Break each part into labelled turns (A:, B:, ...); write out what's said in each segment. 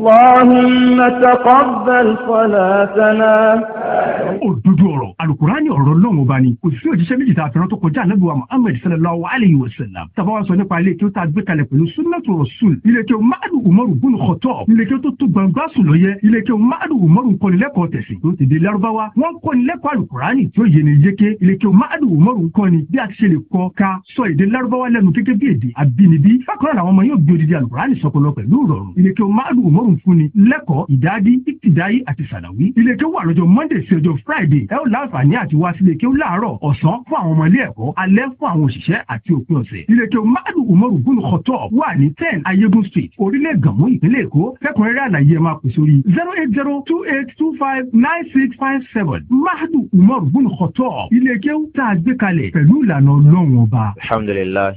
A: اللهم
B: تقبل
A: صلاتنا òdodo ọ̀rọ̀ alukurani ọ̀rọ̀ lọ́wọ́ bá ni kò sí òjíṣẹ́ méjì tá a fẹ́ràn tó kọjá anabi wa muhammed sallallahu alayhi wa sallam tàbá wa sọ nípa ilé tí ó ta gbé kalẹ̀ pẹ̀lú sunnatu rasul ilé tí ó maadu umaru bunu kọtọ ilé tí ó tó tó gbangba sùn lọ yẹ ilé tí ó maadu umaru kọnilẹ́kọ̀ọ́ tẹ̀sí tó ti di larubawa wọn kọnilẹ́kọ̀ọ́ alukurani tí ó yé ni yéke ilé tí ó maadu umaru kọni bí a ti ṣe lè kọ ka sọ èdè larubawa lẹ́nu gẹ́gẹ́ bí èdè àbínibí bákan náà ọmọ yóò gbé odidi alukurani sọpọlọ pẹ̀lú ìrọ̀rùn ilé tí ó maadu umaru fúnni lẹ́kọ̀ọ́ ìdádi ìtìdáyé àti sàdáwí ilé tí ó wà lọ́jọ́ monday sí ọjọ́ friday ẹ ó láǹfààní àti wá sílé kí ó láàárọ̀ ọ̀sán fún àwọn ọmọ ilé ẹ̀kọ́ alẹ́ fún àwọn òṣìṣẹ́ àti òpin ọ̀sẹ̀ ilé madu umaru bunu kọtọ wà ní ten ayégun street orílẹ̀ gànmú ìpínlẹ̀ èkó fẹ́kùnrẹ́rẹ́ àlàyé ẹ máa pè sórí zero eight zero two eight two five nine six five seven madu umaru bunu kọtọ ilé tá a gbé kalẹ̀ pẹ̀lú ìlànà ọlọ́run ọba.
C: alhamdulilayi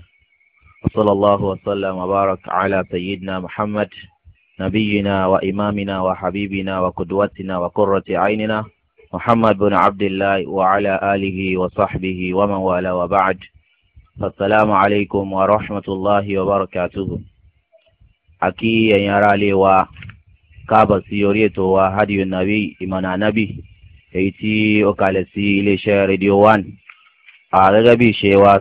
C: wa wa sallam wa baraka ala sayyidina muhammad. نبينا وإمامنا وحبيبنا وقدوتنا وقرة عيننا محمد بن عبد الله وعلى آله وصحبه ومن والاه وبعد السلام عليكم ورحمة الله وبركاته أكي يرى لي و káàbọ̀ sí orí ètò wa hadiyu nabi ìmọ̀nà anabi èyí tí ó kalẹ̀ sí iléeṣẹ́ radio one gẹ́gẹ́ bí ìṣe wa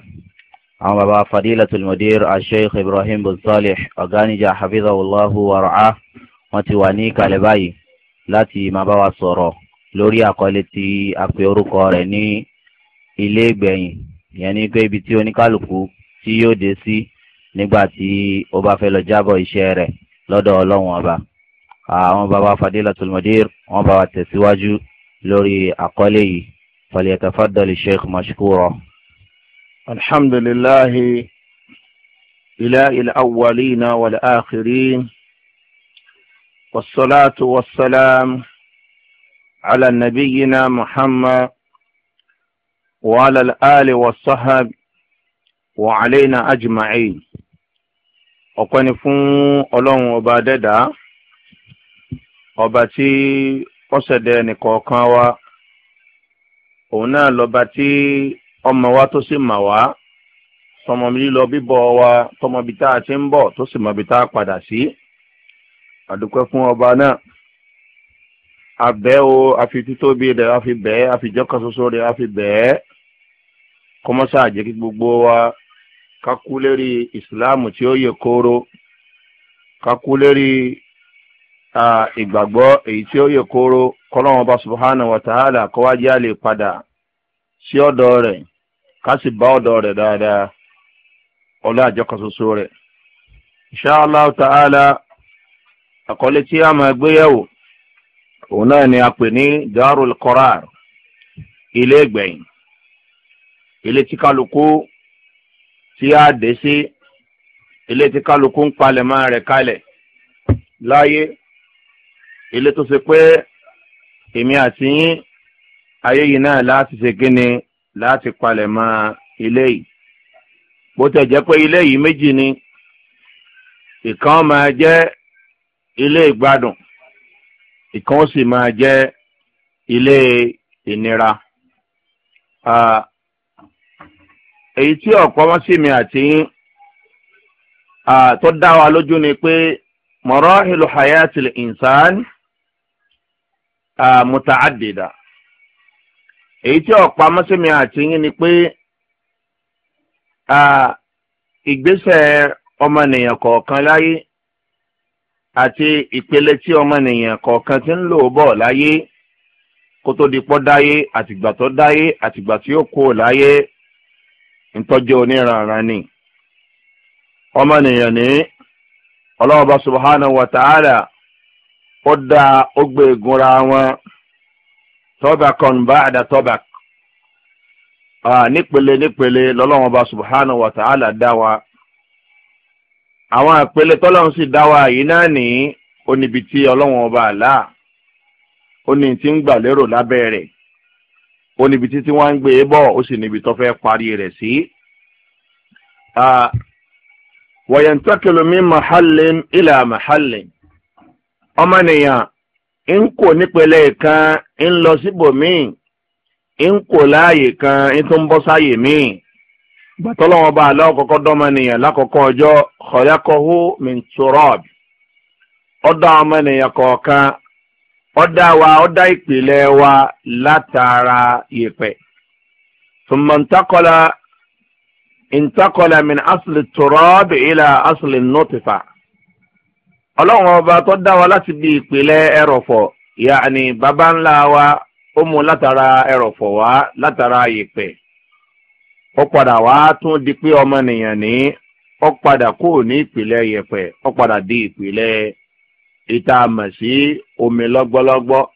C: àwọn baba fadilatul mudir asheikh ibrahim bin salih ọ̀gánijá hafizahullahu wara'a wọ́n ti wà ní kalẹ̀ báyìí láti máa bá wa sọ̀rọ̀ lórí àkọlé tí a pe orúkọ rẹ̀ ní ilé ìgbẹ̀yìn ìyẹn ni pé ibi tí oníkálukú tí yóò dé sí nígbà tí ó bá fẹ́ lọ jábọ̀ iṣẹ́ rẹ̀ lọ́dọ̀ ọlọ́run ọba àwọn baba fadilatul mudir wọ́n bá wa tẹ̀síwájú lórí àkọlé yìí falyatafaddal sheikh mashkura.
B: alhamdulillahi ilahil awwalina wal akhirin والصلاة والسلام على نبينا محمد وعلى الآل والصحب وعلينا أجمعين ọpẹ́ ni fún ọlọ́run ọba dẹ́dá ọba tí ó ṣẹ̀dá nìkọ̀ọ̀kan wa O náà tí ọmọ wa tó mi lílọ bíbọ wa tọmọ bíi tá a ti ń tó sì a abẹ́ o àfi títóbi rẹ̀ àfi bẹ́ẹ̀ àfi jọ́kan ṣoṣo rẹ̀ àfi bẹ́ẹ̀ kọ́mọ́sá àjẹ́ kí gbogbo wa kakú lérí ìsìláàmù tí ó yẹ kóró kakú lérí ìgbàgbọ́ èyí tí ó yẹ kóró kọ́lọ́wọ́n bá subhanahu wa ta'ala kọ́wájú àlè padà sí ọ̀dọ̀ rẹ̀ ká sì bá ọ̀dọ̀ rẹ̀ dáadáa ọlá àjọkan ṣoṣo rẹ̀. insha ta'ala àkọlé tí a máa gbéyàwó òun náà ni a pè ní darul korar ilé ìgbẹ̀yìn ilé tí kálukú tí a dé sí ilé tí kálukú ń palẹ̀mọ́ rẹ̀ kalẹ̀ láyé ilé tó ṣe pé èmi àti yín ayé yìí náà láti ṣe kíni láti palẹ̀mọ́ ilé yìí bó tẹ̀ jẹ́ pé ilé yìí méjì ni ìkan máa jẹ́ ilé ìgbádùn. ìkan sì máa jẹ́ ilé ìnira. èyí tí ọ̀pọ̀ wọn sì mi àti tó dá wa lójú ni pé mọ̀rọ́hìlù hayatil insan mutaaddida èyí tí ọ̀pọ̀ wọn sì mi àti ni pé ìgbésẹ̀ ọmọnìyàn kọ̀ọ̀kan láyé. àti ìpele tí ọmọnìyàn kọ̀ọ̀kan ti ń lò bọ̀ láyé kó tó di pọ́ dáyé àtìgbà tó dáyé àtìgbà tí ó kó láyé ntọ́jú oníranran ni. ọmọnìyàn ní ọlọ́ọ̀bá subhanahu wa ta'ala ó dá ó gbé egunra wọn tọ́bàkan ba'da tọ́bàk nípele nípele lọ́lọ́wọ́n bá subhanahu dá wa. àwọn àpẹẹlẹ tọ́lọ́run sì yìí náà ní oníbi tí ọlọ́run ọba àlá oní tí ń gbà lérò lábẹ́ rẹ̀ oníbi tí tí wọ́n ń gbé e bọ̀ ó sì fẹ́ parí rẹ̀ sí. kan ń lọ síbòmíì ń kò láàyè kan ń tún bọ́ sáyè míì. gbàtọ́lọ́wọ́n bá aláwọ̀ kọ́kọ́ dọ́mọnìyàn lákọ̀ọ́kọ́ ọjọ́ khalaqahu min turab ọ̀dọ́ ọmọnìyàn kọ̀ọ̀kan ọ̀dá wa ọ̀dá ìpìlẹ̀ wa látara yẹ̀pẹ̀ thumma intaqala intaqala min asli turab ila asli nutfa ọlọ́run ọba tó dá wa láti bí ìpìlẹ̀ ẹrọ̀fọ̀ yàní baba ó mú látara ẹrọ̀fọ̀ wá látara yẹ̀pẹ̀ ó padà wá tún di pé ọmọnìyàn ní ó padà kúrò ní ìpìlẹ̀ yẹ̀pẹ̀ ó padà di ìpìlẹ̀ ìta mọ̀ sí omi lọ́gbọ́lọ́gbọ́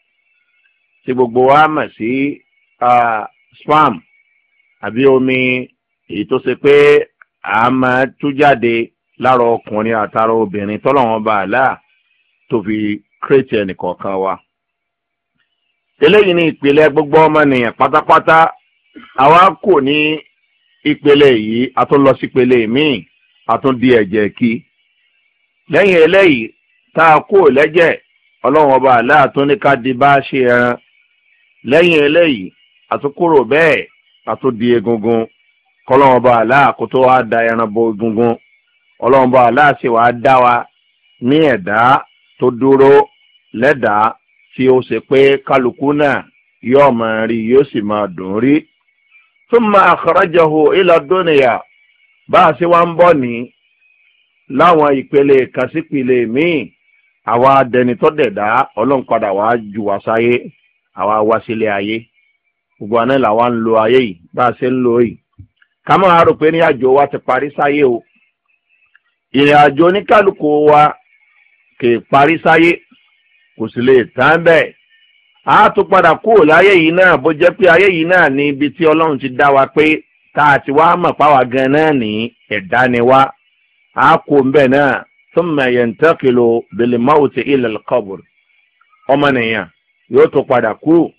B: tí gbogbo wa mọ̀ sí spam àbí omi èyí tó ṣe pé a máa tú jáde lára ọkùnrin àtàrà obìnrin tọ́lọ́wọ́n bá a láà tó fi kírètì ẹnìkọ̀ọ̀kan wa. eléyìí ni ìpìlẹ̀ gbogbo ọmọnìyàn pátápátá àwa kò ní ìpele yìí a tún lọ sí ìpele míì a tún di ẹ̀jẹ̀ kí lẹ́yìn eléyìí tá a kó lẹ́jẹ̀ ọlọ́run ọba aláàtún ní bá a ṣe ẹran lẹ́yìn eléyìí àtúnkúrò bẹ́ẹ̀ di egungun kọ́lọ́run ọba wa da ẹran bo egungun ọlọ́run ọba wa dá wa ní ẹ̀dá tó dúró lẹ́dàá tí ó ṣe pé kálukú náà yóò máa rí yóò sì máa dùn rí. thumma akhrajahu ila dunya bá a ṣe wá ń bọ̀ ní láwọn ìpele kàṣípìlẹ̀ míì àwa dẹni tó dẹ̀dá ọlọ́run padà wá ju wá sáyé àwa wá sílé ayé gbogbo àná làwa ń lo ayé yìí bá a ṣe ń lo yìí ká máa rò pé ní àjò wa ti parí sáyé o ìrìn àjò oníkálukú wa kì í parí sáyé kò sì lè tán bẹ́ẹ̀ a tún padà kúrò láyé yìí náà bó jẹ́ pé ayé yìí náà ní ibi tí ọlọ́run ti dá wa pé ti wá mọ̀ páwa gan náà ní ẹ̀dá ni wá a kò ń náà tún mẹ̀yẹ̀ ń tẹ́kìlò ti ilẹ̀ kọ́bùrù yóò tún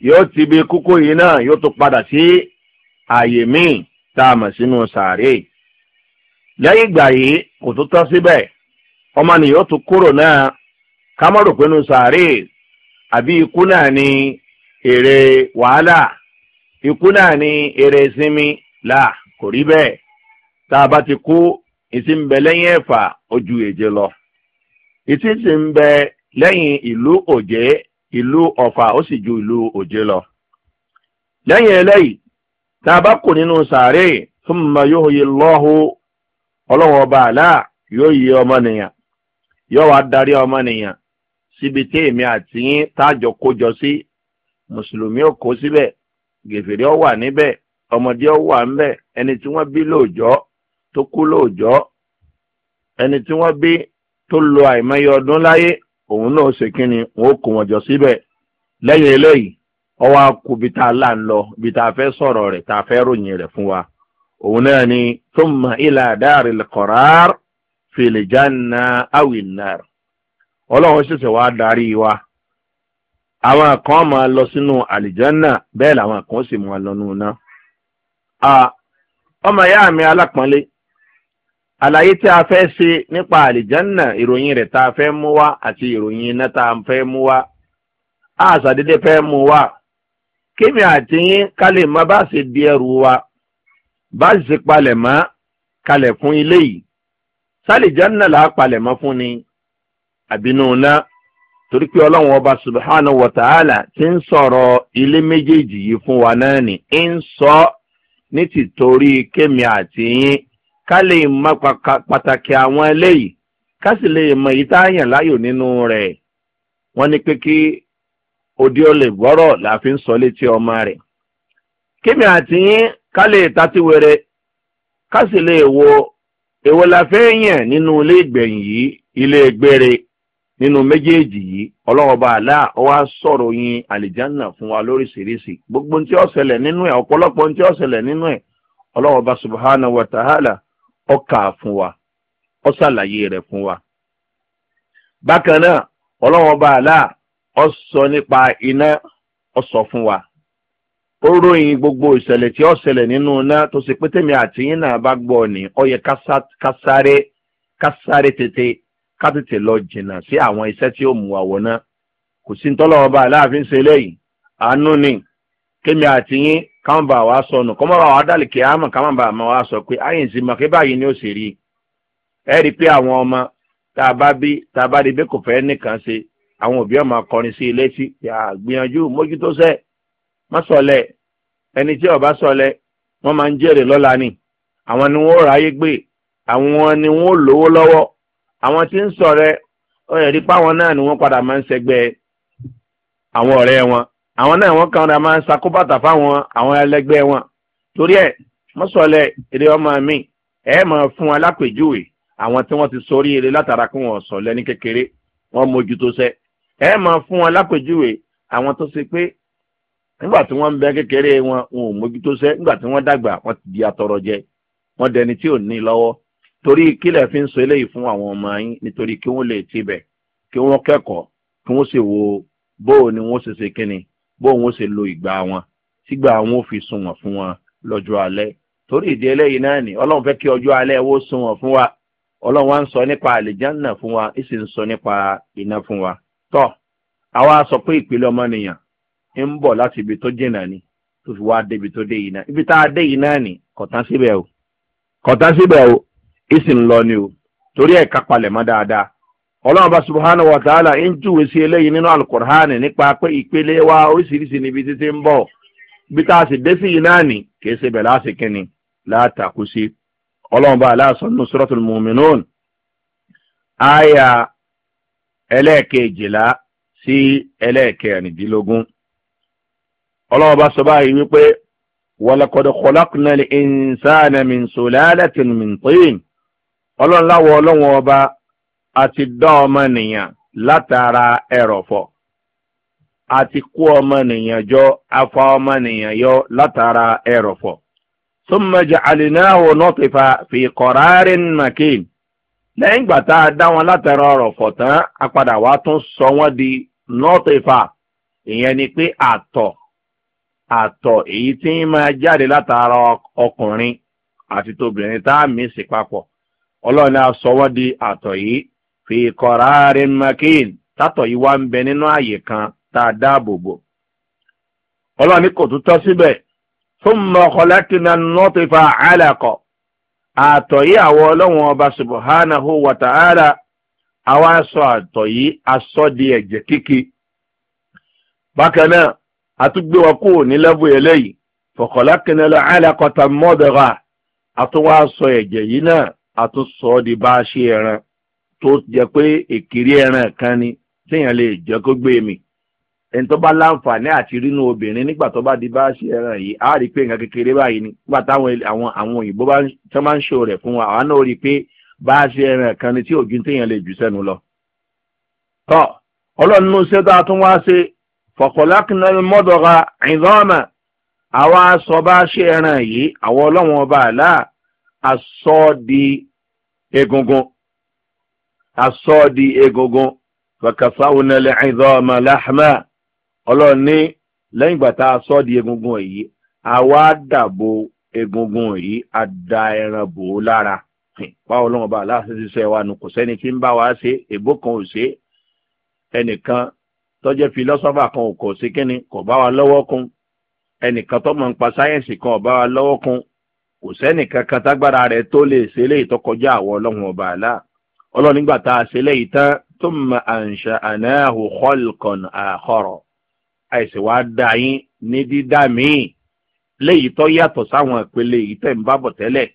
B: yóò ti kúkú yìí náà yóò tún sí ààyè tá a mọ̀ sínú sàárè lẹ́yìn ìgbà yìí kò síbẹ̀ ọmọnìyàn yóò tún kúrò àbí ikú náà ni èrè wàhálà ikú náà ni èrè ìsinmi là kò rí bẹ́ẹ̀ tá a bá ti kú ìsìn lẹ́yìn ẹ̀fà ojú èje lọ isi lẹ́yìn ìlú òjé ìlú ọ̀fà ó sì ju ìlú oje lọ lẹ́yìn eléyìí tá a bá nínú sàárè thumma yuhyi ọlọ́wọ́ bàálà yóò yí ọmọnìyàn yóò wá darí síbi tí èmi àti yín tájọ kójọ sí mùsùlùmí ò kó síbẹ̀ gèfèrè ó wà níbẹ̀ ọmọdé ó wà ńbẹ̀ ẹni tí wọ́n bí lóòjọ́ tó kú lóòjọ́ ẹni tí wọ́n bí tó lo àìmọye ọdún láyé òun náà ṣe kínni wọn ó kó wọn jọ síbẹ̀
A: lẹ́yìn eléyìí
B: ọwọ́ akú bí tá a là ń lọ bí tá a fẹ́ sọ̀rọ̀ rẹ̀ tá a fẹ́ ròyìn rẹ̀ fún wa òun náà ni thumma ila daril qarar fil janna awin nar ọlọ́run ṣẹ̀ṣẹ̀ wá darí wa àwọn kan máa lọ sínú àlìjánná bẹ́ẹ̀ làwọn kan sì máa lọ nù ná. ọmọ ìyá mi alápọ̀nlé àlàyé tí a fẹ́ ṣe nípa àlìjánná ìròyìn rẹ̀ tá a fẹ́ mú wá àti ìròyìn iná tá a fẹ́ mú wá àṣàdédé fẹ́ mú wá kémi àti yín ká lè mọ bá ṣe di ẹrù wa bá ṣe palẹ̀ mọ́ kalẹ̀ fún ilé yìí sálìjánná là á palẹ̀ mọ́ fún ni àbínú na torí pé ọlọ́run ọba subhanahu wa ta'ala ti ń sọ̀rọ̀ ilé méjèèjì yìí fún wa náà ń sọ ní tìtorí kémi àti yín ká lè mọ pàtàkì àwọn eléyìí ká sì lè mọ èyí tá a yàn nínú rẹ̀ wọ́n ní pé kí gbọrọ la fi sọ létí ọmọ rẹ̀ kémi àti yín ká lè ká sì lè nínú ilé ìgbẹ̀yìn yìí nínú méjèèjì yìí ọlọ́wọ́ba àlá ọwá sọ̀rọ̀ yin àlìjánà fún wa lóríṣiríṣi gbogbo ntí ó ṣẹlẹ̀ nínú ẹ̀ ọ̀pọ̀lọpọ̀ ntí ó ṣẹlẹ̀ nínú ẹ̀ ọlọ́wọ́ba subahana wa ta'ala ó kà á fún wa ọ ṣàlàyé rẹ̀ fún wa. bákan náà ọlọ́wọ́ba àlá ó sọ nípa iná ó sọ fún wa ó ròyìn gbogbo ìṣẹ̀lẹ̀ tí ó ṣẹlẹ̀ nínú iná tó ṣe pé tèmi àtìyín náà bá gbọ́ ni ó yẹ kásáré tètè ká tètè lọ jìnnà sí àwọn iṣẹ́ tí ó mú àwọ̀ náà kò sí ntọ́lọ́wọ́ bá yi ṣe eléyìí àánú ni kémi àti yín káwọn bá wa sọnù kọ́mọ́ bá wa dálì kí àmọ̀ káwọn sọ pé àyìn sí màkì báyìí ni ó sì rí ẹ rí i pé àwọn ọmọ tá a bá bí tá a bá rí bí kò fẹ́ nìkan ṣe àwọn òbí ọmọ akọrin sí ilé tí gbìyànjú mójútó má ẹni tí ọba sọlẹ wọn máa ń jèrè ni àwọn ni ráyé gbé àwọn àwọn tí ń rẹ ó yẹ rí páwọn náà ni wọ́n padà máa ń ṣẹgbẹ́ àwọn ọ̀rẹ́ wọn àwọn náà wọ́n kàn ra máa ń sakóbàtà fáwọn àwọn ẹlẹgbẹ́ wọn torí ẹ̀ mọ́sọ̀lẹ̀ èrè ọmọ mi ẹ máa fún alápèjúwe àwọn tí wọn ti sórí eré látara kí wọn sọ ní kékeré wọn mójútó sẹ́ ẹ máa fún alápèjúwe àwọn tó ṣe pé nígbà tí wọn ń bẹ kékeré wọn wọn ò mójútó sẹ́ nígbà tí wọ́n dàgbà wọn ti di atọrọ jẹ wọn dẹni tí ò ní lọ́wọ́ torí kílẹ̀ fi ń sọ eléyìí fún àwọn ọmọ yín nítorí kí wọ́n lè tibẹ̀ kí wọ́n kẹ́kọ̀ọ́ kí wọ́n sì wo bóò ni wọ́n ṣe ṣe kíni bóò wọ́n ṣe lo ìgbà wọn sígbà wọn ò fi sunwọ̀n fún wọn lọ́jọ́ alẹ́ torí ìdí eléyìí náà ni ọlọ́run fẹ́ kí ọjọ́ alẹ́ wọ́n sunwọ̀n fún wa ọlọ́run wa ń sọ nípa àlìjánà fún wa ó sì ń sọ nípa iná fún wa tọ́ àwa sọ pé ìpìlẹ̀ ọmọnìyàn ń bọ̀ láti ibi tó jìnnà ni tó fi wá débi tó dé yìí náà ibi tá a dé yìí náà ni kọ̀tán síbẹ̀ o kọ̀tán síbẹ̀ o ìsì ń lọ ni o torí ẹ̀ ká palẹ̀ dáadáa ọlọ́run bá subahana wa ta'ala ń júwe sí eléyìí nínú alukur'ani nípa pé ìpele wa oríṣiríṣi níbi títí ń bọ̀ bí tá a sì dé sí yìí náà nì kìí ṣe bẹ̀rẹ̀ láti kínni látàkú sí ọlọ́run bá aláṣọ nínú sọ́rọ́tún mùmínún àyà ẹlẹ́ẹ̀kejìlá sí ẹlẹ́ẹ̀kẹrìndínlógún bá sọ báyìí wípé ọlọ́run láwọ ọlọ́run ọba àti dá ọmọnìyàn látara ẹ̀rọ̀fọ̀ àti kó ọmọnìyàn jọ afa ọmọnìyàn yọ látara ẹ̀rọ̀fọ̀ summa ja'alnahu nutfa fi qararin makin lẹ́yìn ìgbà tá a dá wọn látara ẹ̀rọ̀fọ̀ tán a padà tún sọ wọ́n di nutfa ìyẹn ni pé àtọ̀ àtọ̀ èyí tí ń máa jáde látara ọkùnrin àti tóbìnrin tá a mí sí papọ̀ ọlọ́run a sọ di àtọ̀ fi kọ̀ra rẹ̀ makin tátọ̀ yìí wá ń bẹ nínú kan tá a dáàbò bò ọlọ́run kò tún tọ́ síbẹ̀ fún mọ̀kọ́lẹ́kìnà nọ́tìfà àlàkọ̀ àtọ̀ yìí àwọn ọlọ́wọ̀n ọba wata ara àwa sọ àtọ̀ yìí asọ́ di ẹ̀jẹ̀ kíkì bákan náà ní lẹ́bù eléyìí àlàkọ̀ tà sọ ẹ̀jẹ̀ yìí a tún sọ ọ́ di bá a ṣe ẹran tó jẹ́ pé èkìrí ẹran kan ni téèyàn lè jẹ́ kó gbé mi ẹni tó bá láǹfààní àti rínú obìnrin nígbà tó bá di bá a ṣe ẹran yìí a rí i pé nǹkan kékeré báyìí ni nígbà táwọn àwọn àwọn òyìnbó bá tán máa ń ṣò rẹ̀ fún wa àwa náà rí i pé bá a ṣe ẹran kan ni tí òjú téèyàn lè jù sẹ́nu lọ. tọ́ ọlọ́run nínú iṣẹ́ tó a mọ́dọ̀ra ìdánwàmà àwa sọ bá a ṣe ẹran yìí àwọn ọlọ́wọ́n ọba àlá asọ́ di egungun asọ́ di egungun fàkàfáwọnà lẹ́yìnzọ́ ọmọ láhàmà ọlọ́run ní lẹ́yìn ìgbà tá a sọ́ di egungun yìí àwa dàbò egungun yìí a da ẹran bò ó lára báwo lọ́wọ́ bá aláṣẹ ṣiṣẹ́ wa nù kò sẹ́ni tí ń bá wa ṣe èbó kan ò ṣe ẹnìkan tọ́jẹ́ fìlọ́sọ́fà kan ò kò sí kínni kò bá wa lọ́wọ́ kún ẹnìkan tó mọ̀ ń pa sáyẹ́ǹsì kan ò bá wa lọ́wọ́ kún kò sẹ́nì kankan tágbára rẹ̀ tó lè ṣe léyìí tó kọjá àwọ̀ ọlọ́run ọba àlá ọlọ́run nígbà tá a ṣe léyìí tán tó mọ àǹṣà ànáhù kọ́lùkọ̀n àkọ́rọ̀ àìsè wá dá yín ní dídá míì léyìí tó yàtọ̀ sáwọn ìpele yìí tẹ̀ ń bábọ̀ tẹ́lẹ̀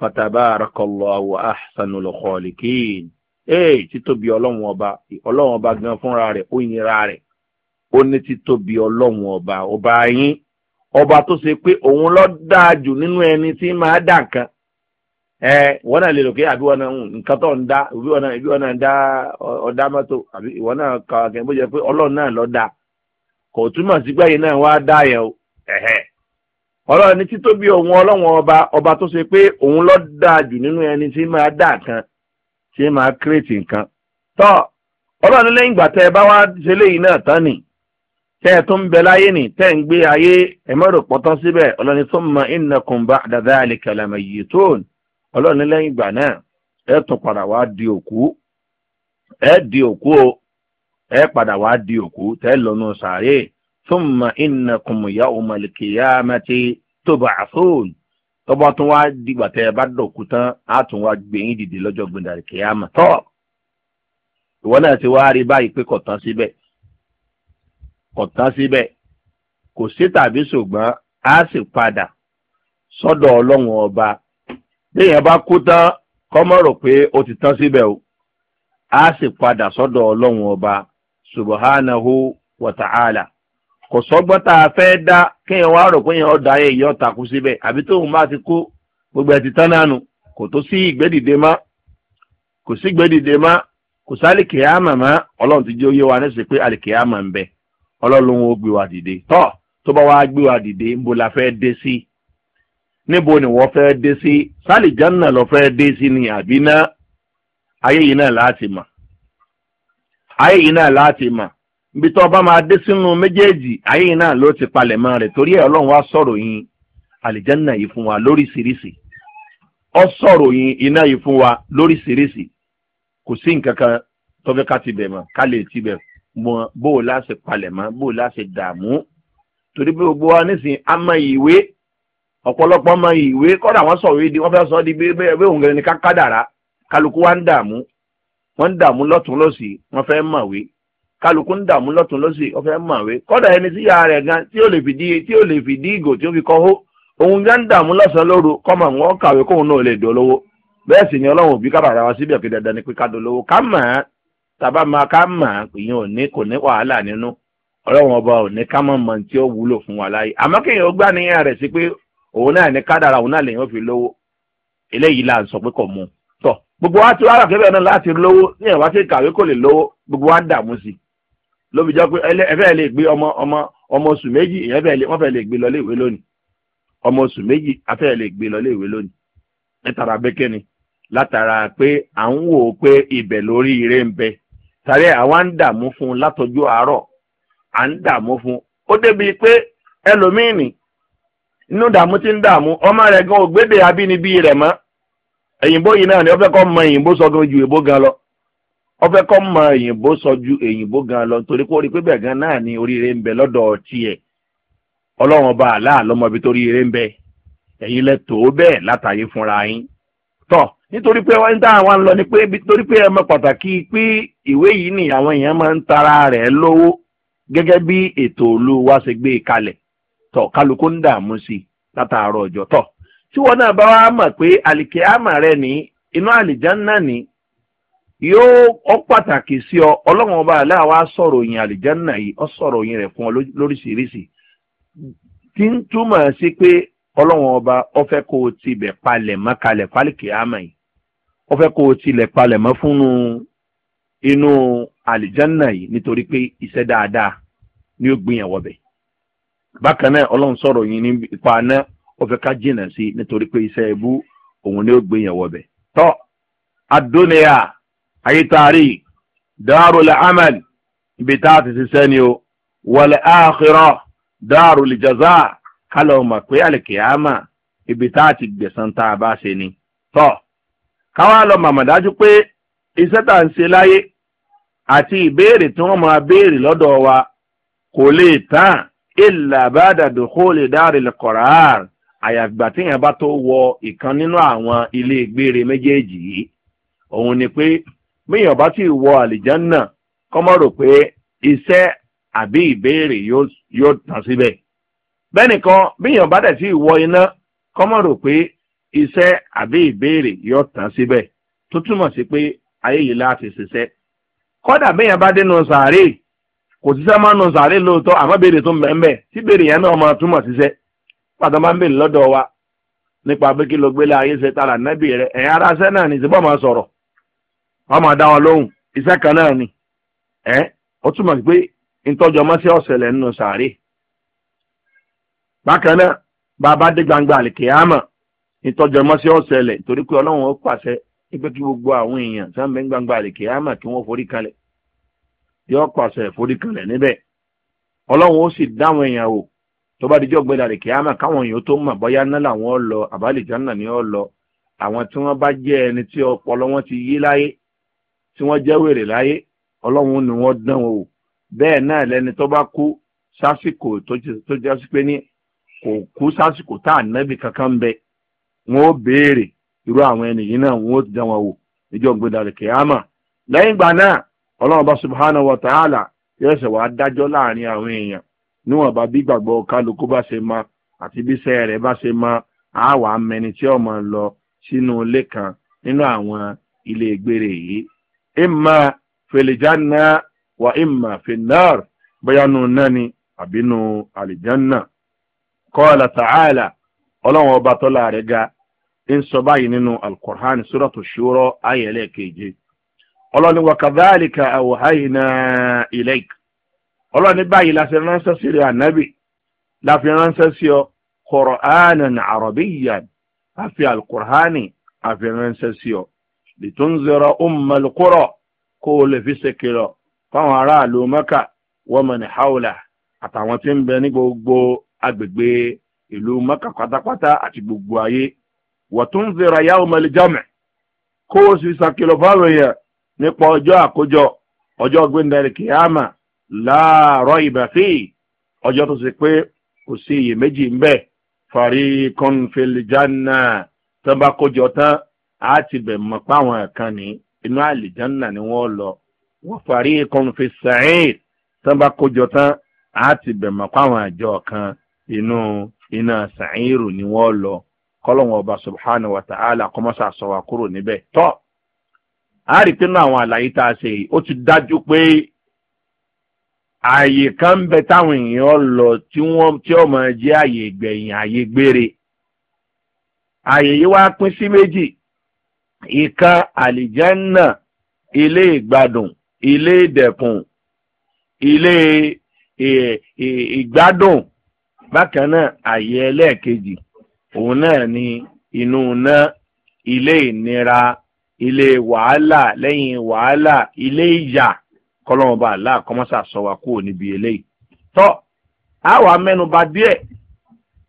B: fatabarakọlọ́wọ́ àṣànulọ̀kọ̀ọ̀lìkìn ee títóbi ọlọ́run ọba ọlọ́run ọba gan fúnra ọba tó ṣe pé òun lọ dáa jù nínú ẹni tí máa dà nǹkan ẹ wọn náà lè lò pé àbí náà ọdá mọ́tò àbí ìwọ náà kà pé náà lọ dáa kò túmọ̀ sí náà wá dá yẹn o ẹ̀hẹ́ ọba ọba tó ṣe pé òun lọ dáa jù nínú ẹni tí máa tí máa kírètì nǹkan tọ́ ọlọ́run lẹ́yìn tẹ́ ẹ tó ń bẹ láyé nì tẹ́ ń gbé ayé ẹ̀mọ́rò pọ́tọ́ síbẹ̀ ọlọ́ni tó mọ innakum ba'da dhalika lamayitun ọlọ́ni ìgbà náà ẹ tún padà wá di ẹ di òkú o ẹ padà wá di òkú tẹ́ lọ́nu sàárè thumma innakum yawmal tún wá dìgbà ẹ bá dọ̀kú tán á tún wá gbé yín dìde lọ́jọ́ tọ́ ọ̀tán síbẹ̀ kò sí tàbí ṣùgbọ́n a sì padà sọ́dọ̀ ọlọ́run ọba léèyàn bá kú tán kọ́mọ́ pé ó ti tán síbẹ̀ o á padà sọ́dọ̀ ọlọ́run ọba subahánahu wàtàhálà kò sọ́gbọ́n tá a fẹ́ dá kéèyàn wá rò pé ọ̀dà síbẹ̀ gbogbo ẹ̀ ti tán nánu kò tó sí ọlọ́run ti jẹ́ wa ní ọlọ́run ó gbé wa dìde tọ́ tó bá wàá gbé wa dìde níbo la fẹ́ dé sí níbo ni wọ́n fẹ́ dé sí sálì jánà lọ fẹ́ dé sí ni àbí ná ayé yìí náà láti mọ̀ ayé yìí náà láti mọ̀ ibi tó bá máa dé sínú méjèèjì ayé yìí náà ló ti palẹ̀ mọ́ rẹ̀ torí ẹ̀ ọlọ́run wá sọ̀rọ̀ yin àlìjánà yìí fún wa lóríṣiríṣi ọ sọ̀rọ̀ yín iná yìí fún wa lóríṣiríṣi kò sí nǹkan kan tó fẹ́ ká ti bẹ̀ mọ́ ká lè ti bẹ̀ mọ bó o láṣẹ palẹ̀mọ́ bó o láṣẹ dààmú torí pé gbogbo wa nísìnyí a mọ ìwé ọ̀pọ̀lọpọ̀ mọ ìwé kọ́dà wọ́n sọ̀rọ̀ di wọ́n fẹ́ sọ di bí bẹ́ẹ̀ òun gẹ̀rẹ́ ni kákádàrá kálukú wa ń dààmú wọ́n ń dààmú lọ́tún lọ́sì wọ́n fẹ́ mọ̀wé kálukú ń dààmú lọ́tún lọ́sì wọ́n fẹ́ mọ̀wé kọ́dà ẹni tí yàrá rẹ̀ gan tí ó lè fi dí tí ó lè fi dí ìgò tí ó fi kọ́ hó òun gan ń dààmú lọ́sàn lóru kọ́mọ̀ wọn kàwé kóun náà lè dolówó bẹ́ẹ̀ sì ni ọlọ́run òbí kábàárà wa síbẹ̀ pé dandan ni pé ká dolówó ká mọ̀ ẹ́ taba máa ká mà ìyẹn ò ní kò ní wàhálà nínú ọlọ́run ọba ò ní ká mọ̀ mọ̀ tí ó wúlò fún wa láyé àmọ́ kéèyàn ó gbá níyàn rẹ̀ sí pé òun náà ní kádàrà òun náà lèyìn ó fi lówó eléyìí là ń sọ pé kò mú un tọ̀ gbogbo wa ti wá rà kébẹ̀ náà láti lówó ní ẹ̀wá tí kàwé kò lè lówó gbogbo wa dààmú sí i ló fi jọ pé ẹfẹ́ lè gbé ọmọ ọmọ ọmọ oṣù méjì ìyẹn fẹ́ lè wọ́n fẹ́ lè gbé lọ léèwé lónìí ọmọ oṣù méjì afẹ́ lè gbé lọ léèwé lónìí látara bẹ́kẹ́ni látara pé à ń wò ó pé ibẹ̀ lórí ire ń bẹ tàbí àwa ń dààmú fún un látọjú àárọ̀ à ń dààmú fún un ó débi pé ẹlòmíì nì inú dààmú ti ń dààmú ọmọ rẹ̀ gan ògbédè abínibí rẹ̀ mọ́ èyìnbó yìí náà ni ó fẹ́ kọ́ mọ èyìnbó sọ gan ju èyìnbó gan lọ ó fẹ́ mọ èyìnbó sọ èyìnbó gan lọ nítorí pé ó rí pé bẹ́ẹ̀ gan náà ni oríire ń bẹ lọ́dọ̀ tiẹ̀ ọlọ́run ọba àlá àlọ́mọbi tó rí ń bẹ ẹ̀yin lẹ tó bẹ́ẹ̀ látàyè fúnra yín tọ́ nítorí pé wọ́n ń dá àwọn lọ ni pé torí pé ẹ mọ pàtàkì pé ìwé yìí ni àwọn èèyàn máa ń tara rẹ̀ lówó gẹ́gẹ́ bí ètò òlu wa ṣe gbé e kalẹ̀ tọ̀ kálukú ń dààmú sí i látàárọ̀ ọjọ́ tọ̀ tí wọn náà bá wá mọ̀ pé àlìkè àmà rẹ ní inú àlìjánná ní yóò ọ pàtàkì sí ọ ọlọ́run ọba àlẹ́ àwa sọ̀rọ̀ òyìn yìí ọ sọ̀rọ̀ òyìn fún ọ lóríṣiríṣi tí ń túmọ̀ sí pé ọlọ́run ọba ọ fẹ́ kó o palẹ̀ wọ́n fẹ́ kó o tilẹ̀ palẹ̀ mọ́ fún inú àlìjánà yìí nítorí pé iṣẹ́ dáadáa ni ó gbìyànjú ọbẹ̀ bákan náà ọlọ́run sọ̀rọ̀ yìí nípa náà wọ́n fẹ́ ká jìnnà sí nítorí pé iṣẹ́ ibú òun ni ó gbìyànjú ọbẹ̀ tọ́ adóníyà ayétaari dáàrú lẹ́ amal ibi tá a ti ṣiṣẹ́ ni o wọlé àkìrọ̀ dáàrú lè jàzá kálọ̀ mọ̀ pé àlìkèyàmà ibi tá a ti gbẹ̀sán tá a bá ṣe ni tọ́ káwá lọ màmá dájú pé iṣẹ́ tá à ń ṣe láyé àti ìbéèrè tí wọ́n máa béèrè lọ́dọ̀ wa kò lè tán ìlà bá dàdò kó lè dáre lè kọ̀ràn àyàgbà téèyàn bá tó wọ ìkan nínú àwọn ilé gbére méjèèjì yìí òun ni pé míyàn bá ti wọ àlìjánná kọ́mọ́ rò pé iṣẹ́ àbí ìbéèrè yóò tán síbẹ̀ bẹ́ẹ̀ nìkan míyàn bá dẹ̀ ti wọ iná kọ́mọ́ rò pé iṣẹ́ àbí ìbéèrè yóò tán síbẹ̀ tó túmọ̀ sí pé ayé yìí láti ṣiṣẹ́ kọ́dà béèyàn bá dénú sàárè kò ṣiṣẹ́ máa ń sàárè lóòótọ́ àmọ́ béèrè tó mẹ́mẹ́ tí béèrè yẹn náà máa túmọ̀ ṣiṣẹ́ pàtó máa ń béèrè lọ́dọ̀ wa nípa pé kí ló gbélé ayé ṣe tara rẹ ẹ̀yin ni ìṣẹ́bọ̀ máa sọ̀rọ̀ wọ́n máa dá wọn lóhùn iṣẹ́ kan náà ni ó túmọ̀ ìtọ́jọmọ́sí ọ̀sẹ̀lẹ̀ torí pé ọlọ́run ó pàṣẹ pé kí gbogbo àwọn èèyàn sáńbẹ́ gbangba àlèkè àmà kí wọ́n forí kalẹ̀ yóò pàṣẹ forí kalẹ̀ níbẹ̀ ọlọ́run ó sì dáwọn èèyàn wò tó bá dijọ́ gbẹdà àlèkè àmà káwọn èèyàn tó mọ̀ bọ́yá ná làwọn ó lọ àbálẹ̀jánà ni ó lọ àwọn tí wọ́n bá jẹ́ ẹni tí ọpọlọ wọn ti yí láyé tí wọ́n jẹ́ wèrè láyé ọlọ́run ni wọ́n dán wọn wò bẹ́ẹ̀ náà lẹni tó bá kú sásìkò tó jásí pé ní kò kú sásìkò tá ànábì kankan bẹ́ẹ̀ wọn ó béèrè irú àwọn ènìyàn náà wọn ó dá wọn wò níjọ́ gbẹdàrẹ kìámà lẹ́yìn ìgbà náà ọlọ́run bá wa ta'ala yẹ́sẹ̀ wàá dájọ́ láàrin àwọn èèyàn níwọ̀n bá bí gbàgbọ́ kálukú bá ma àti bí rẹ̀ bá ma á wà á mẹni tí ó lọ sínú ilé kan nínú àwọn ilé egbere yìí. ima filijanna wa ima finnar bóyá nù náà ni ń sọ báyìí nínú alukur'an suratu shura ayẹlẹ keje ọlọ́ni wa kadhalika awhayna ilayk ọlọ́ni báyìí la fi ránṣẹ́ sí rẹ ànábì la fi ránṣẹ́ sí ọ qur'anan arabiyyan àfi alukur'ani àfi ránṣẹ́ sí ọ litunzira ummal qura kó o lè fi ṣe kìlọ̀ fáwọn aráàlú maka wa man hawla àtàwọn tí ń bẹ ní gbogbo agbègbè ìlú maka pátápátá àti gbogbo ayé. wọ̀túnzìrà yà ọmọ ìjọmẹ̀ kó o sì ṣàkìlọ̀ fáwọn èèyàn ọjọ́ àkójọ ọjọ́ gbẹ̀ndẹ̀rẹ̀ kìámà láàárọ̀ ìbàfẹ́ ọjọ́ tó pé kò sí iyèméjì ń bẹ̀ fariqun fil janna bá tán ti bẹ̀ inú ni lọ kọ́lọ́wọ́n ọba subhanahu wa ta'ala kọ́mọ́sà sọ wa kúrò níbẹ̀ tọ́ a rí pínú àwọn àlàyé tá a ṣe yìí ó ti dájú pé ààyè kan ń bẹ táwọn èèyàn lọ tí wọ́n tí ó máa jẹ́ ààyè ìgbẹ̀yìn ààyè gbére ààyè yìí wá pín sí méjì ìkan àlìjẹ́nà ilé ìgbádùn ilé ìdẹ̀kùn ilé ìgbádùn bákan náà ààyè ẹlẹ́ẹ̀kejì òun náà ni inú ná ilé ìnira ilé wàhálà lẹ́yìn wàhálà ilé ìyà kọ́lọ́mọba àlá kọ́mọ́sà sọ wa kúrò níbi eléyìí. tọ́ a wà mẹ́nuba díẹ̀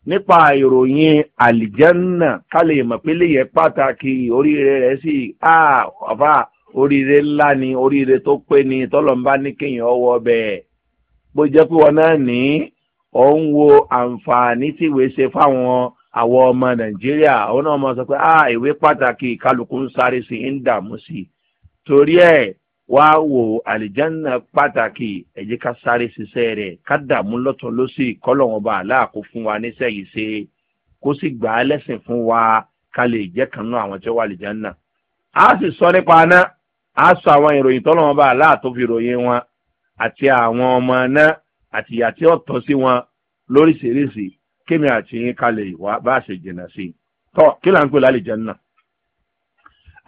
B: nípa ìròyìn àlìjẹ́nà ká lè pàtàkì oríire rẹ̀ sí a ọ̀fà oríire ńlá ni oríire tó pé ni tọ́lọ́mbá ní kéèyàn ọwọ́ bẹ́ẹ̀ bó jẹ́ pé wọn náà ní ọ̀ wo àǹfààní tìwé ṣe fáwọn àwọn ọmọ nàìjíríà àwọn náà máa sọ pé ah ìwé pàtàkì kálukú ń sáré sí ń dààmú sí i torí ẹ̀ wá wò àlìjánná pàtàkì ẹ jẹ́ ká sáré ṣiṣẹ́ rẹ̀ ká dààmú lọ́tọ̀ lọ́sì kọ́lọ́wọ́n bá aláàkó fún wa níṣẹ́ yìí ṣe kó sì gbà á lẹ́sìn fún wa ká lè jẹ́ kan àwọn tí wọ́n àlìjánná. a sì sọ nípa aná a sọ àwọn ìròyìn tọ́lọ́wọ́n aláàtó fi ròyìn wọn àti àwọn ọmọ náà àtìyà tí ó tọ́ sí wọn lóríṣiríṣi kémi àti yín kalẹ̀ ìwà bá a ṣe jìnnà sí i tọ́ kí là ń pè lálìjẹ́nà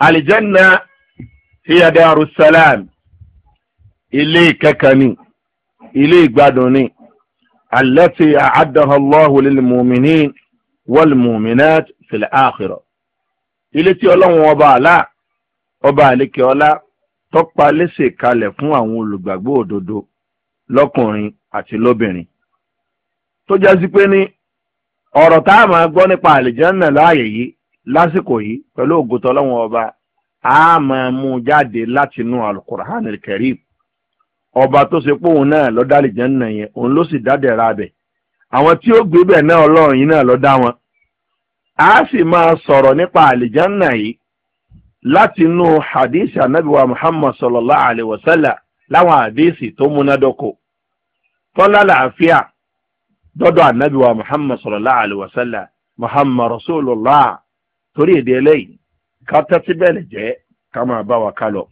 B: àlìjẹ́nà hiya daru salam ilé ìkẹ́kẹ́ ni ilé ìgbádùn ni allati a'addaha Allahu lil mu'minin wal mu'minat fil akhirah ilé tí ọlọ́run ọba àlá ọba àlékè ọlá tọ́pa lẹ́sẹ̀ kalẹ̀ fún àwọn olùgbàgbọ́ òdodo lọ́kùnrin àti lóbìnrin tó jásí pé ní ọ̀rọ̀ tá a máa gbọ́ nípa àlìjẹ́nà láàyè yìí lásìkò yìí pẹ̀lú ògùtọ̀ ọlọ́wọ́n ọba a máa mú jáde látinú alukur'an kẹrìm ọba tó ṣe pòun náà lọ́dá àlìjẹ́nà yẹn òun ló sì dádẹ̀ra bẹ̀ àwọn tí ó gbé bẹ̀ náà ọlọ́run yìí náà wọn a sì máa sọ̀rọ̀ nípa àlìjẹ́nà yìí látinú hadith anabiwa muhammad sallallahu alayhi wa sallam láwọn tó tọ́lá làáfíà. dọ́dọ̀ ànábì wa muhammad sallallahu alayhi wa muhammad rasulullah torí èdè eléyìí ká tẹ́tí bẹ́ẹ̀ jẹ́ ká máa bá wa ká lọ.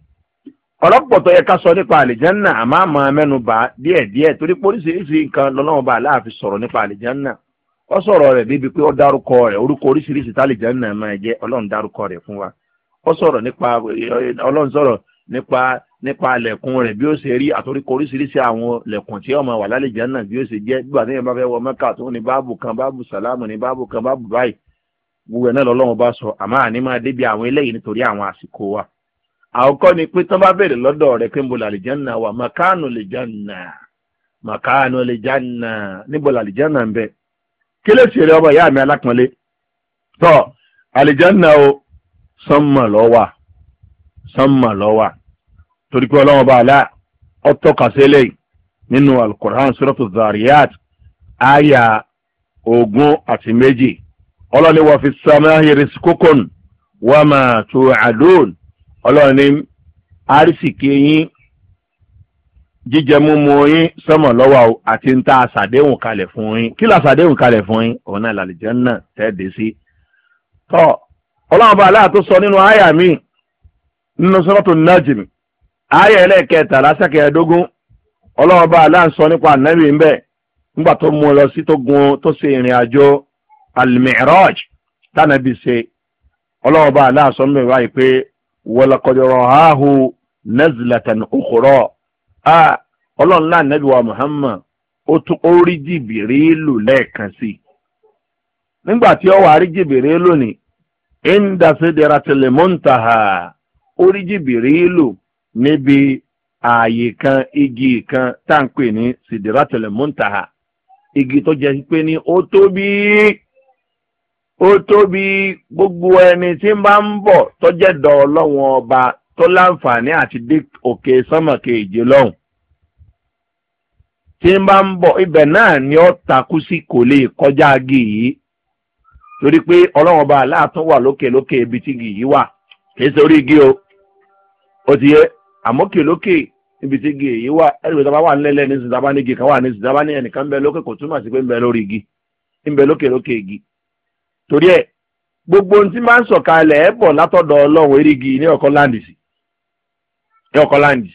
B: ọ̀rọ̀pọ̀ tó yẹ ká sọ nípa àlìjánná àmọ́ àmọ́ mẹ́nu bá díẹ̀díẹ̀ torí oríṣiríṣi nǹkan lọ́lọ́wọ́ bá aláàfin sọ̀rọ̀ nípa àlìjánná ó sọ̀rọ̀ rẹ̀ débi pé ó dárúkọ rẹ̀ orúkọ oríṣiríṣi máa jẹ́ ọlọ́run dárúkọ nípa lẹ̀kùn rẹ̀ bí ó ṣe rí àtòríkọ oríṣiríṣi àwọn lẹ̀kùn tí ọmọ wà lálẹ́ jẹ́ náà bí ó ṣe jẹ́ gbígbà tí yẹn bá fẹ́ wọ mẹ́kà tó ní báàbù kan báàbù sàlámù ní báàbù kan báàbù báyìí gbogbo ẹ̀ náà lọ́lọ́run bá sọ àmọ́ àní máa débi àwọn eléyìí nítorí àwọn àsìkò wa. àkọ́kọ́ ni pé tán bá béèrè lọ́dọ̀ rẹ̀ pé níbo làlìjánà wà màkánù lìjánà màkánù lìjánà níbo ń bẹ kí lè ṣe eré ọmọ torí pé ọlọ́run bá àlá ọtọ́ kàṣẹ́lẹ̀ nínú alukur'an suratu zariyat aya ogún àti méjì ọlọ́ni wà fi sàmáhì rìsíkókòn wà máa tó àdóòn ọlọ́ni àrísìkì yín jíjẹ múmu yín sọmọ lọ́wọ́ àti ń ta àṣàdéhùn kalẹ̀ fún yín kí la ṣàdéhùn kalẹ̀ fún yín òun náà làlìjẹ́ náà tẹ́ẹ̀dé sí. tọ́ ọlọ́run bá aláàtó sọ nínú àyà mi nínú sọ́rọ́tò nájìmí ayé ẹlẹ́ẹ̀kẹta lásàkẹ́ẹ̀dógún ọlọ́ọ̀bá aláǹsọ nípa ànábì ńbẹ nígbà tó mú lọ sí tó gun tó ṣe ìrìn àjò almiraj tánàbì ṣe ọlọ́ọ̀bá aláǹsọ ńbẹ wáyé pé wọlọkọdọrọ ahu nazlatan okoro a ọlọ́ọ̀nlá ànábì wa muhammad ó tún ó rí jìbìrì lò lẹ́ẹ̀kan sí i nígbà tí jìbìrì lónìí níbi ààyè kan igi kan tá à ń pè ní sidiratele muntaha igi tó jẹ́ pé ní ó tóbi ó tóbi gbogbo ẹni tí ń bá ń bọ̀ tọ́jẹ́ dọ̀ ọlọ́run ọba tó láǹfààní àti dé òkè sánmà kejì lọ́hùn tí ń bá ń bọ̀ ibẹ̀ náà ni ó takú sí kò lè kọjá igi yìí torí pé ọlọ́run ọba aláàtún wà lókè lókè ibi tí igi yìí wà kì í ṣe igi o ó ti yé àmọ́kè lókè níbi tí igi èyí wà ẹ̀rù ìjọba wà nílẹ̀ nísìnyí tá a bá ní igi kan wà nísìnyí tá a bá ní ẹnìkan ń bẹ lókè kò túmọ̀ sí pé ń bẹ lórí igi ń bẹ lókè lókè igi torí ẹ gbogbo ohun tí máa ń sọ̀kalẹ̀ ẹ̀ bọ̀ látọ̀dọ̀ ọlọ́run erígi ní ọkọ̀ láǹdì ní ọkọ̀ láǹdì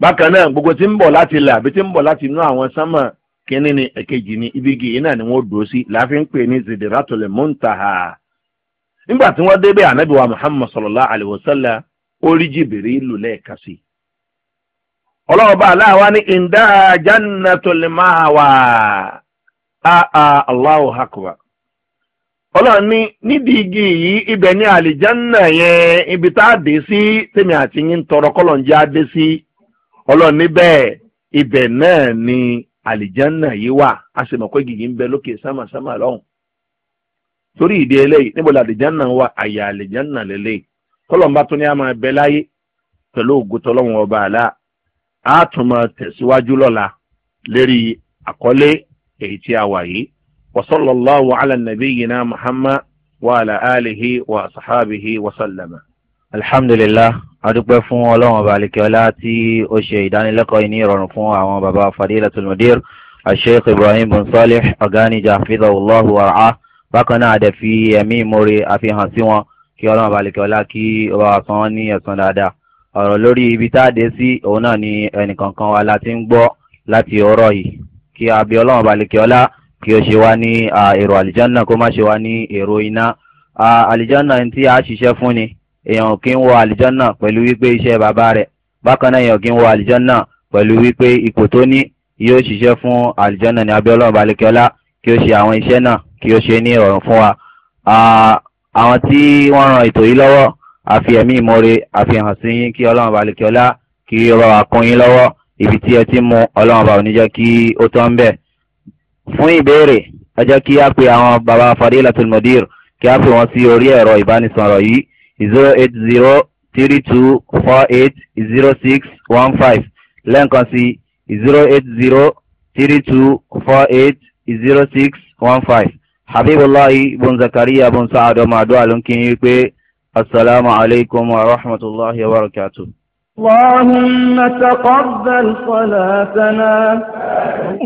B: bákan náà gbogbo tí ń bọ̀ láti ilẹ̀ àbí tí ń bọ̀ láti inú àwọn sánmà kínní ni èkejì ni ibi ni wọ́n dò muntaha nígbà tí wọ́n muhammad sallallahu alayhi wa sallam oriji rí jìbìrì ìlú lẹ́ẹ̀ka sí i aláwa ní ìdá jannatul ma'wa Allahu akbar ọlọ́run ní nídìí igi yìí ibẹ̀ ní yẹn ibi tá a dé sí tèmi àti yín tọrọ kọ́lọ̀ ń jẹ́ adé sí ọlọ́run níbẹ̀ ibẹ̀ náà ni àlìjánná yìí wà a sì mọ̀ gigi ń bẹ lókè sámàsámà lọ́hùn torí ìdí eléyìí níbo wà àyà tọ́lọ́mbà tó ní a máa bẹ láyé pẹ̀lú ògo tọ́lọ́wọ́n ọba àlá a tún máa tẹ̀síwájú lọ́la lérí àkọlé èyí tí a wà yìí wasallallahu ala nabiyina muhammad wa ala alihi wa sahabihi wa sallama.
C: alhamdulilah adúpẹ́ fún ọlọ́run ọba àlekẹ́ọ́lá tí ó ṣe ìdánilẹ́kọ̀ọ́ yìí ní ìrọ̀rùn fún àwọn baba fadilatul mudir asheikh ibrahim bin salih ọ̀gáni jafidahullahu wàrà bákan náà àdẹ̀fi ẹ̀mí ìmoore àfihàn sí wọn kí ọlọ́run balẹ̀kẹ́ ọlá kí ọba wa san ní ẹ̀san dáadáa ọ̀rọ̀ lórí ibi tá a dé sí òun náà ni ẹnìkankan wa la ti ń gbọ́ láti ọ̀rọ̀ yìí kí abẹ́ ọlọ́run balẹ̀kẹ́ ọlá kí o ṣe wá ní èrò àlìjánná kó má ṣe wá ní èrò iná àlìjánná tí a ṣiṣẹ́ fún ni èèyàn kì í wọ àlìjánná pẹ̀lú wípé iṣẹ́ bàbá rẹ̀ bákan náà èèyàn kì í wọ àlìjánná pẹ̀lú wípé ipò tó ní yóò ṣiṣẹ́ fún àlìjánná ní abẹ́ ọlọ́run balẹ̀kẹ́ ọlá kí o ṣe àwọn iṣẹ́ náà kí o ṣe ní ìrọ̀rùn fún wa àwọn tí wọ́n ran ètò yìí lọ́wọ́ àfi ẹ̀mí ìmoore àfihàn sí yín kí ọlọ́run balẹ̀kẹ́ọ́lá kí ọba wa kún yín lọ́wọ́ ibi tí ẹ ti mú ọlọ́run bá oníjẹ́ kí ó tán bẹ́ẹ̀. fún ìbéèrè ẹ jẹ́ kí á pe àwọn baba fadilatul mudir kí á pè wọ́n sí orí ẹ̀rọ ìbánisọ̀rọ̀ yìí zero eight zero three two four eight zero six one five lẹ́ǹkan sí zero eight zero three two four eight zero six one five habibulahi bun zakariya bun sa'ad ọmọ àdúrà ló ń kí yín pé asalaamualeykum wa rahmatulahi wa barakatuh.
A: اللهم تقبل صلاتنا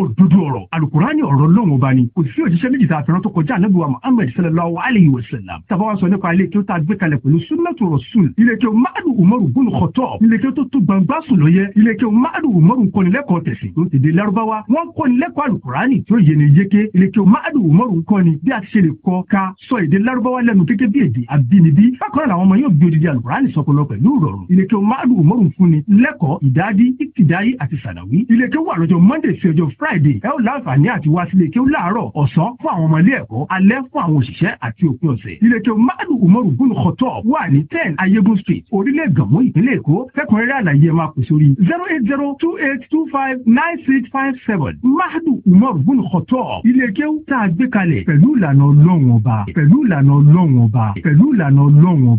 A: òdodo ọ̀rọ̀ alukurani ọ̀rọ̀ lóhùn ọba ni kò sí òjíṣẹ́ méjì tá a fẹ́ràn tó kọjá ànábì wa muhammed sallallahu alayhi wa sallam tàbá wa sọ nípa ilé kí ó tá a gbé kalẹ̀ pẹ̀lú sunnatu rasul ilé kí ó máàlù umaru bùnú kọtọ́ ilé kí ó tó tó gbangba sùn lọ́yẹ ilé kí ó máàlù umaru kọ́nilẹ́kọ̀ọ́ tẹ̀sí tó ti di larubawa wọ́n kọ́nilẹ́kọ̀ọ́ alukurani tó yẹ ni yeke ilé kí ó máàlù umaru kọ́ni bí a ti ṣe lè kọ́ ka sọ èdè larubawa tó ń fúnni lẹ́kọ̀ọ́ ìdádí ìtìdáyé àti sàdáwí. iléeké wà lọ́jọ́ monday sí ọjọ́ friday ẹ ó láǹfààní àti wá síléeké láàárọ̀ ọ̀sán fún àwọn ọmọ ilé ẹ̀kọ́ alẹ́ fún àwọn òṣìṣẹ́ àti òpin ọ̀sẹ̀. iléeké madu umaru gun kọtọ wà ní ten ayégun street orílẹ̀ gànmú ìpínlẹ̀ èkó fẹ́kùnrẹ́rẹ́ àlàyé ẹ máa pè sórí zero eight zero two eight two five nine six five seven madu umaru gun kọtọ iléeké tá a gbé kalẹ̀ pẹ̀lú ìlànà ọlọ́run ọba pẹ̀lú ìlànà ọlọ́run ọba